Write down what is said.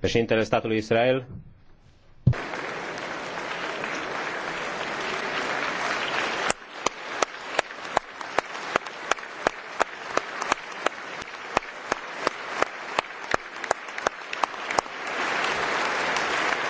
Președintele statului Israel.